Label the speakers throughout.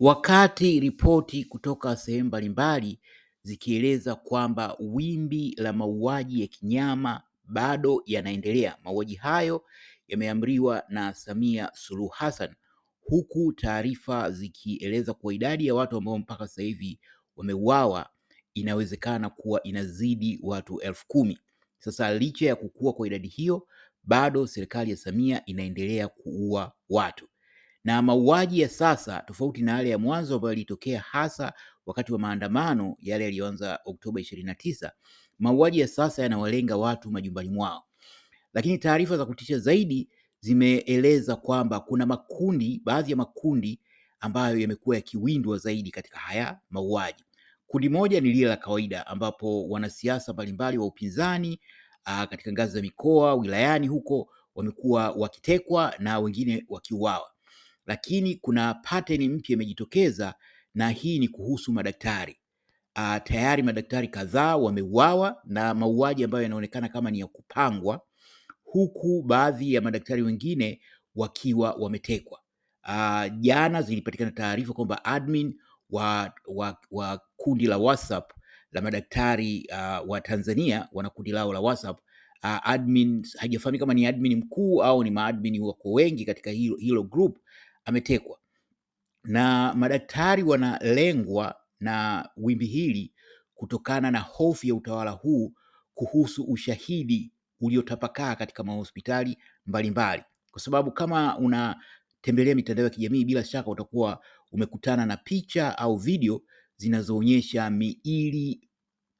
Speaker 1: Wakati ripoti kutoka sehemu mbalimbali zikieleza kwamba wimbi la mauaji ya kinyama bado yanaendelea. Mauaji hayo yameamriwa na Samia Suluhu Hassan, huku taarifa zikieleza kuwa idadi ya watu ambao mpaka sasa hivi wameuawa inawezekana kuwa inazidi watu elfu kumi. Sasa licha ya kukua kwa idadi hiyo, bado serikali ya Samia inaendelea kuua watu na mauaji ya sasa, tofauti na yale ya mwanzo ambayo yalitokea hasa wakati wa maandamano yale yaliyoanza Oktoba ishirini na tisa, mauaji ya sasa yanawalenga watu majumbani mwao. Lakini taarifa za kutisha zaidi zimeeleza kwamba kuna makundi, baadhi ya makundi ambayo yamekuwa yakiwindwa zaidi katika haya mauaji. Kundi moja ni lile la kawaida ambapo wanasiasa mbalimbali wa upinzani aa, katika ngazi za mikoa, wilayani huko wamekuwa wakitekwa na wengine wakiuawa lakini kuna pattern mpya imejitokeza, na hii ni kuhusu madaktari. Uh, tayari madaktari kadhaa wameuawa na mauaji ambayo yanaonekana kama ni ya kupangwa, huku baadhi ya madaktari wengine wakiwa wametekwa. Uh, jana zilipatikana taarifa kwamba admin wa, wa, wa kundi la WhatsApp la madaktari uh, wa Tanzania wana kundi lao la WhatsApp uh, admin hajafahamika kama ni admin mkuu au ni maadmin wako wengi katika hilo, hilo group ametekwa, na madaktari wanalengwa na wimbi hili kutokana na hofu ya utawala huu kuhusu ushahidi uliotapakaa katika mahospitali mbalimbali, kwa sababu kama unatembelea mitandao ya kijamii, bila shaka utakuwa umekutana na picha au video zinazoonyesha miili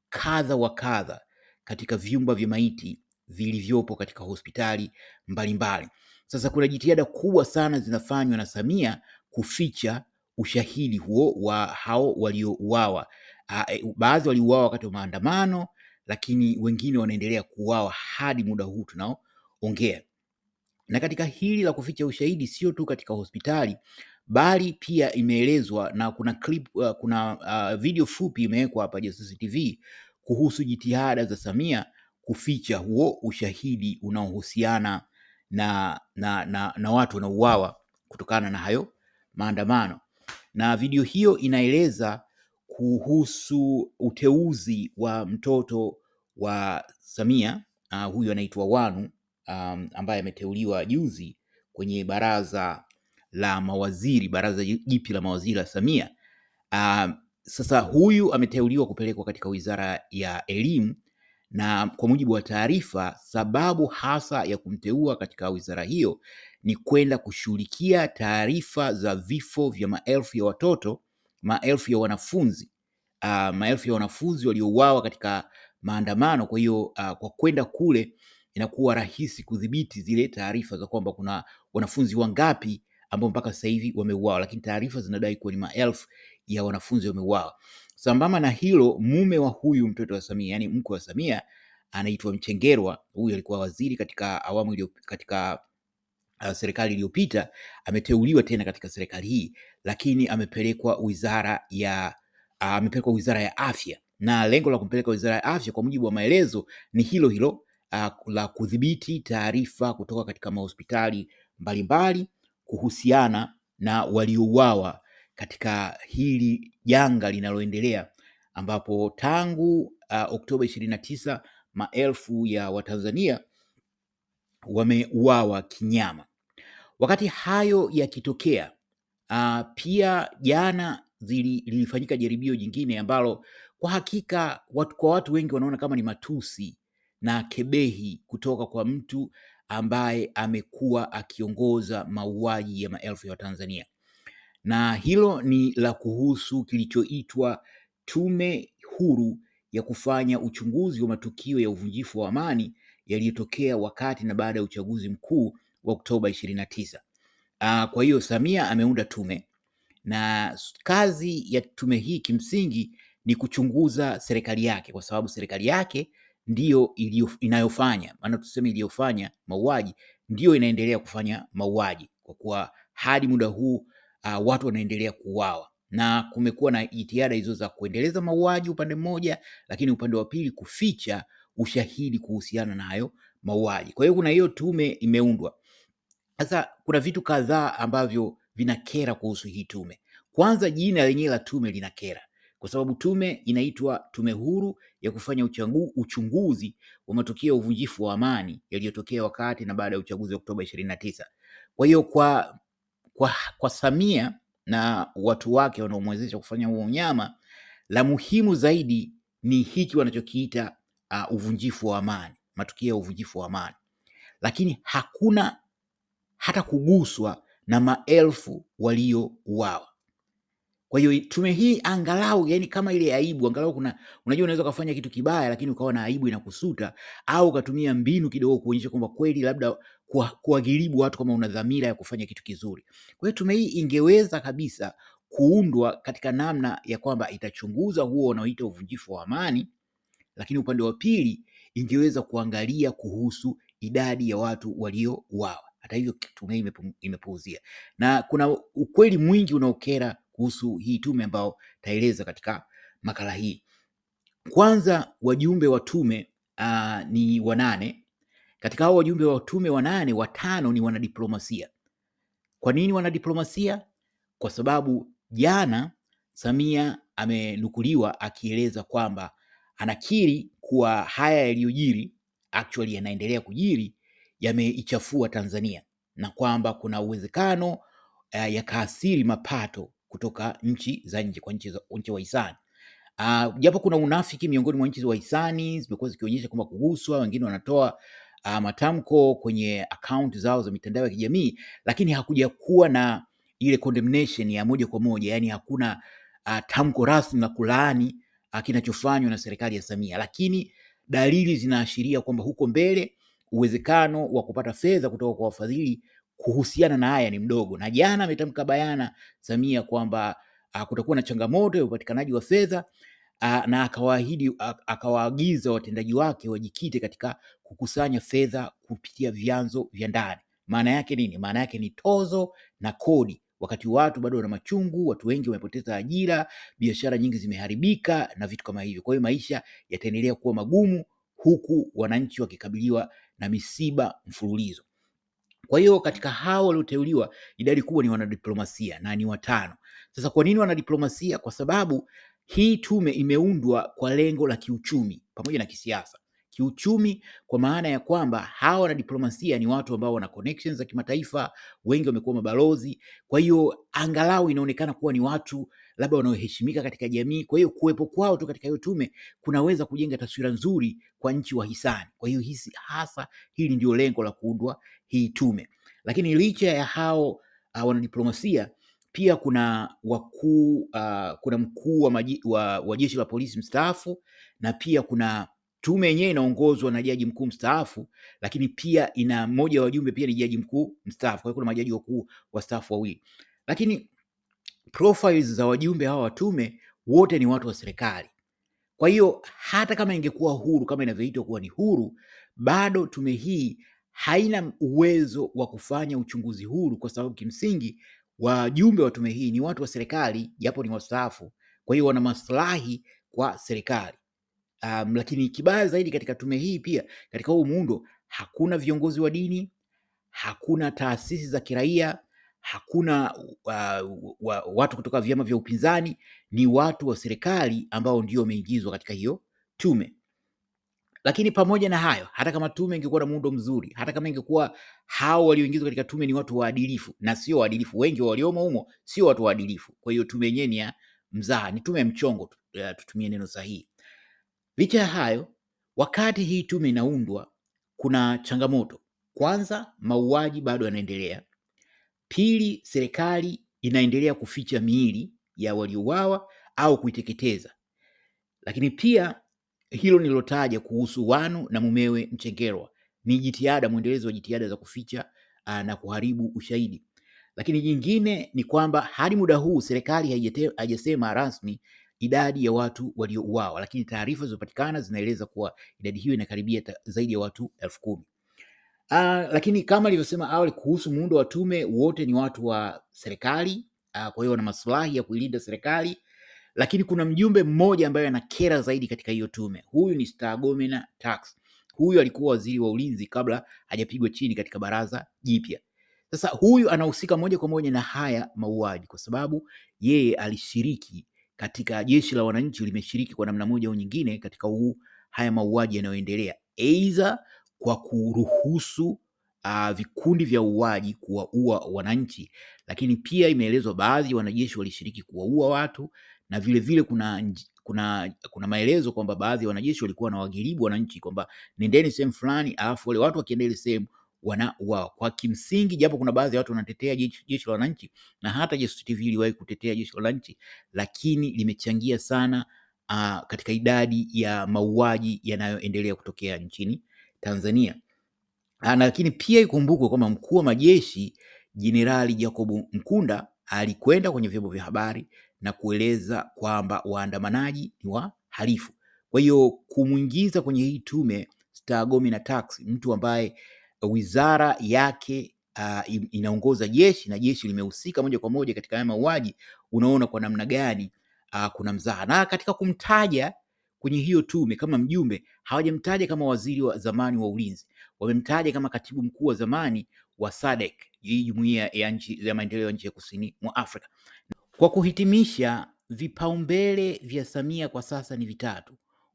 Speaker 1: kadha wa kadha katika vyumba vya maiti vilivyopo katika hospitali mbalimbali. Sasa kuna jitihada kubwa sana zinafanywa na Samia kuficha ushahidi huo wa hao waliouawa. E, baadhi waliuawa wakati wa maandamano, lakini wengine wanaendelea kuuawa hadi muda huu tunaoongea. Na katika hili la kuficha ushahidi, sio tu katika hospitali, bali pia imeelezwa na kuna clip, uh, kuna uh, video fupi imewekwa hapa Jasusi TV kuhusu jitihada za Samia kuficha huo ushahidi unaohusiana na, na, na, na watu wanauawa kutokana na hayo maandamano. Na video hiyo inaeleza kuhusu uteuzi wa mtoto wa Samia uh, huyu anaitwa Wanu um, ambaye ameteuliwa juzi kwenye baraza la mawaziri, baraza jipya la mawaziri la Samia. Uh, sasa huyu ameteuliwa kupelekwa katika wizara ya elimu na kwa mujibu wa taarifa, sababu hasa ya kumteua katika wizara hiyo ni kwenda kushughulikia taarifa za vifo vya maelfu ya watoto, maelfu ya wanafunzi uh, maelfu ya wanafunzi waliouawa katika maandamano. Kwa hiyo uh, kwa kwenda kule inakuwa rahisi kudhibiti zile taarifa za kwamba kuna wanafunzi wangapi ambao mpaka sasa hivi wameuawa, lakini taarifa zinadai kuwa ni maelfu ya wanafunzi wameuawa. Sambamba na hilo, mume wa huyu mtoto wa Samia, yani mkwe wa Samia anaitwa Mchengerwa. Huyu alikuwa waziri katika awamu ilio, katika uh, serikali iliyopita. Ameteuliwa tena katika serikali hii, lakini amepelekwa wizara ya uh, amepelekwa wizara ya afya, na lengo la kumpeleka wizara ya afya kwa mujibu wa maelezo ni hilo hilo uh, la kudhibiti taarifa kutoka katika mahospitali mbalimbali kuhusiana na waliouawa katika hili janga linaloendelea ambapo tangu uh, Oktoba ishirini na tisa maelfu ya Watanzania wameuawa kinyama. Wakati hayo yakitokea, uh, pia jana lilifanyika jaribio jingine ambalo kwa hakika watu, kwa watu wengi wanaona kama ni matusi na kebehi kutoka kwa mtu ambaye amekuwa akiongoza mauaji ya maelfu ya Watanzania na hilo ni la kuhusu kilichoitwa Tume Huru ya kufanya uchunguzi wa matukio ya uvunjifu wa amani yaliyotokea wakati na baada ya uchaguzi mkuu wa Oktoba 29. tisa ah, kwa hiyo Samia ameunda tume na kazi ya tume hii kimsingi ni kuchunguza serikali yake, kwa sababu serikali yake ndiyo inayofanya maana tuseme iliyofanya mauaji ndiyo inaendelea kufanya mauaji, kwa kuwa hadi muda huu uh, watu wanaendelea kuuawa na kumekuwa na jitihada hizo za kuendeleza mauaji upande mmoja, lakini upande wa pili kuficha ushahidi kuhusiana na hayo mauaji. Kwa hiyo kuna hiyo tume imeundwa sasa. Kuna vitu kadhaa ambavyo vinakera kuhusu hii tume. Kwanza, jina lenyewe la tume linakera kwa sababu tume inaitwa Tume Huru ya kufanya uchangu, uchunguzi wa matukio ya uvunjifu wa amani yaliyotokea wakati na baada ya uchaguzi wa Oktoba ishirini na tisa. Kwa hiyo kwa kwa, kwa Samia na watu wake wanaomwezesha kufanya huo unyama, la muhimu zaidi ni hiki wanachokiita uh, uvunjifu wa amani, matukio ya uvunjifu wa amani, lakini hakuna hata kuguswa na maelfu waliouawa. Kwa hiyo tume hii angalau, yani kama ile aibu, angalau kuna, unajua unaweza ukafanya kitu kibaya, lakini ukawa na aibu inakusuta, au ukatumia mbinu kidogo kuonyesha kwamba kweli labda kuwagiribu watu kama una dhamira ya kufanya kitu kizuri. Kwa hiyo tume hii ingeweza kabisa kuundwa katika namna ya kwamba itachunguza huo unaoita uvunjifu wa amani, lakini upande wa pili ingeweza kuangalia kuhusu idadi ya watu waliouawa. Hata hivyo tume imepuuzia, na kuna ukweli mwingi unaokera kuhusu hii tume ambayo taeleza katika makala hii. Kwanza, wajumbe wa tume uh, ni wanane. Katika hao wajumbe wa tume wanane, watano ni wanadiplomasia. Kwa nini wanadiplomasia? Kwa sababu jana Samia amenukuliwa akieleza kwamba anakiri kuwa haya yaliyojiri actually yanaendelea kujiri yameichafua Tanzania na kwamba kuna uwezekano uh, ah, yakaathiri mapato kutoka nchi za nje kwa nchi, nchi wahisani. Uh, japo kuna unafiki miongoni mwa nchi za wahisani zimekuwa zikionyesha kwamba kuguswa, wengine wanatoa uh, matamko kwenye akaunti zao za mitandao ya kijamii, lakini hakuja kuwa na ile condemnation ya moja kwa moja, yani hakuna uh, tamko rasmi la kulaani uh, kinachofanywa na serikali ya Samia, lakini dalili zinaashiria kwamba huko mbele uwezekano wa kupata fedha kutoka kwa wafadhili kuhusiana na haya ni mdogo, na jana ametamka bayana Samia kwamba uh, kutakuwa na changamoto ya upatikanaji wa fedha uh, na akawaahidi ah, akawaagiza watendaji wake wajikite katika kukusanya fedha kupitia vyanzo vya ndani. Maana yake nini? Maana yake ni tozo na kodi, wakati watu bado wana machungu, watu wengi wamepoteza ajira, biashara nyingi zimeharibika na vitu kama hivyo. Kwa hiyo maisha yataendelea kuwa magumu, huku wananchi wakikabiliwa na misiba mfululizo. Kwa hiyo katika hao walioteuliwa idadi kubwa ni wanadiplomasia na ni watano. Sasa kwa nini wanadiplomasia? Kwa sababu hii tume imeundwa kwa lengo la kiuchumi pamoja na kisiasa. Kiuchumi kwa maana ya kwamba hawa wanadiplomasia ni watu ambao wana connections za kimataifa, wengi wamekuwa mabalozi. Kwa hiyo angalau inaonekana kuwa ni watu labda wanaoheshimika katika jamii. Kwa hiyo kuwepo kwao tu katika hiyo tume kunaweza kujenga taswira nzuri kwa nchi wahisani. Kwa hiyo hisi hasa hili ndio lengo la kuundwa hii tume. Lakini licha ya hao uh, wanadiplomasia pia kuna wakuu uh, kuna mkuu wa, wa, wa jeshi la polisi mstaafu na pia kuna tume yenyewe inaongozwa na jaji mkuu mstaafu, lakini pia ina mmoja wa wajumbe pia ni jaji mkuu mstaafu. Kwa hiyo kuna majaji wakuu wastaafu wawili, lakini profiles za wajumbe hawa watume wote ni watu wa serikali. Kwa hiyo hata kama ingekuwa huru kama inavyoitwa kuwa ni huru, bado tume hii haina uwezo wa kufanya uchunguzi huru, kwa sababu kimsingi wajumbe wa tume hii ni watu wa serikali, japo ni wastaafu. Kwa hiyo wana maslahi kwa serikali. Um, lakini kibaya zaidi katika tume hii pia, katika huu muundo hakuna viongozi wa dini, hakuna taasisi za kiraia hakuna uh, wa, watu kutoka vyama vya upinzani, ni watu wa serikali ambao ndio wameingizwa katika hiyo tume. Lakini pamoja na hayo, hata kama tume ingekuwa na muundo mzuri, hata kama ingekuwa hao walioingizwa katika tume ni watu waadilifu na sio waadilifu, wengi waliomo humo sio watu waadilifu. Kwa hiyo tume yenyewe ni ya mzaha, ni tume ya mchongo, tutumie neno sahihi. Licha ya hayo, wakati hii tume inaundwa, kuna changamoto. Kwanza, mauaji bado yanaendelea Pili, serikali inaendelea kuficha miili ya waliouawa au kuiteketeza. Lakini pia hilo nililotaja kuhusu Wanu na mumewe Mchengerwa ni jitihada mwendelezo wa jitihada za kuficha ah, na kuharibu ushahidi. Lakini jingine ni kwamba hadi muda huu serikali haijasema rasmi idadi ya watu waliouawa, lakini taarifa zilizopatikana zinaeleza kuwa idadi hiyo inakaribia zaidi ya watu elfu kumi. Uh, lakini kama nilivyosema awali kuhusu muundo wa tume, wote ni watu wa serikali uh, kwa hiyo wana maslahi ya kuilinda serikali, lakini kuna mjumbe mmoja ambaye anakera zaidi katika hiyo tume. Huyu ni Stergomena Tax. Huyu alikuwa waziri wa ulinzi kabla hajapigwa chini katika baraza jipya. Sasa huyu anahusika moja kwa moja na haya mauaji kwa sababu yeye alishiriki katika jeshi la wananchi limeshiriki kwa namna moja au nyingine katika huu haya mauaji yanayoendelea, aidha kwa kuruhusu uh, vikundi vya uaji kuwaua wananchi, lakini pia imeelezwa baadhi ya wanajeshi walishiriki kuwaua watu na vilevile vile kuna, kuna, kuna maelezo kwamba baadhi ya wanajeshi walikuwa na wagiribu wananchi kwamba nendeni sehemu fulani, alafu wale watu wakienda ile sehemu wanauawa. Kwa kimsingi, japo kuna baadhi ya watu wanatetea jeshi la wananchi na hata Jesu TV iliwahi kutetea jeshi la wananchi, lakini limechangia sana uh, katika idadi ya mauaji yanayoendelea kutokea nchini Tanzania. Ah, lakini pia ikumbukwe kwamba mkuu wa majeshi Jenerali Jacob Mkunda alikwenda kwenye vyombo vya habari na kueleza kwamba waandamanaji ni wahalifu. Kwa hiyo kumwingiza kwenye hii tume Stergomena Tax, mtu ambaye wizara yake uh, inaongoza jeshi na jeshi limehusika moja kwa moja katika haya mauaji, unaona kwa namna gani uh, kuna mzaha. Na katika kumtaja kwenye hiyo tume kama mjumbe. Hawajamtaja kama waziri wa zamani wa ulinzi, wamemtaja kama katibu mkuu wa zamani wa SADC, hii jumuiya ya nchi ya maendeleo ya nchi ya kusini mwa Afrika. Kwa kuhitimisha, vipaumbele vya Samia kwa sasa ni vitatu.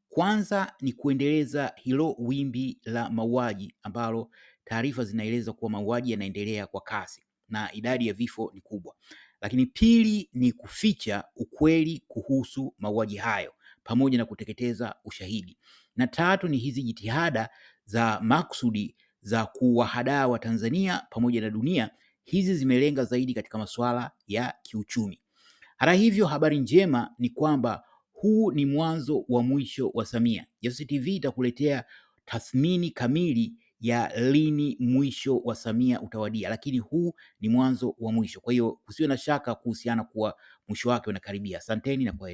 Speaker 1: Kwanza ni kuendeleza hilo wimbi la mauaji ambalo taarifa zinaeleza kuwa mauaji yanaendelea kwa kasi na idadi ya vifo ni kubwa. Lakini pili ni kuficha ukweli kuhusu mauaji hayo pamoja na kuteketeza ushahidi. Na tatu ni hizi jitihada za maksudi za kuwahadaa Watanzania pamoja na dunia, hizi zimelenga zaidi katika masuala ya kiuchumi. Hata hivyo, habari njema ni kwamba huu ni mwanzo wa mwisho wa Samia. Jasusi TV itakuletea tathmini kamili ya lini mwisho wa Samia utawadia, lakini huu ni mwanzo wa mwisho. Kwa hiyo kusiwe na shaka kuhusiana kuwa mwisho wake unakaribia. Asanteni na kwa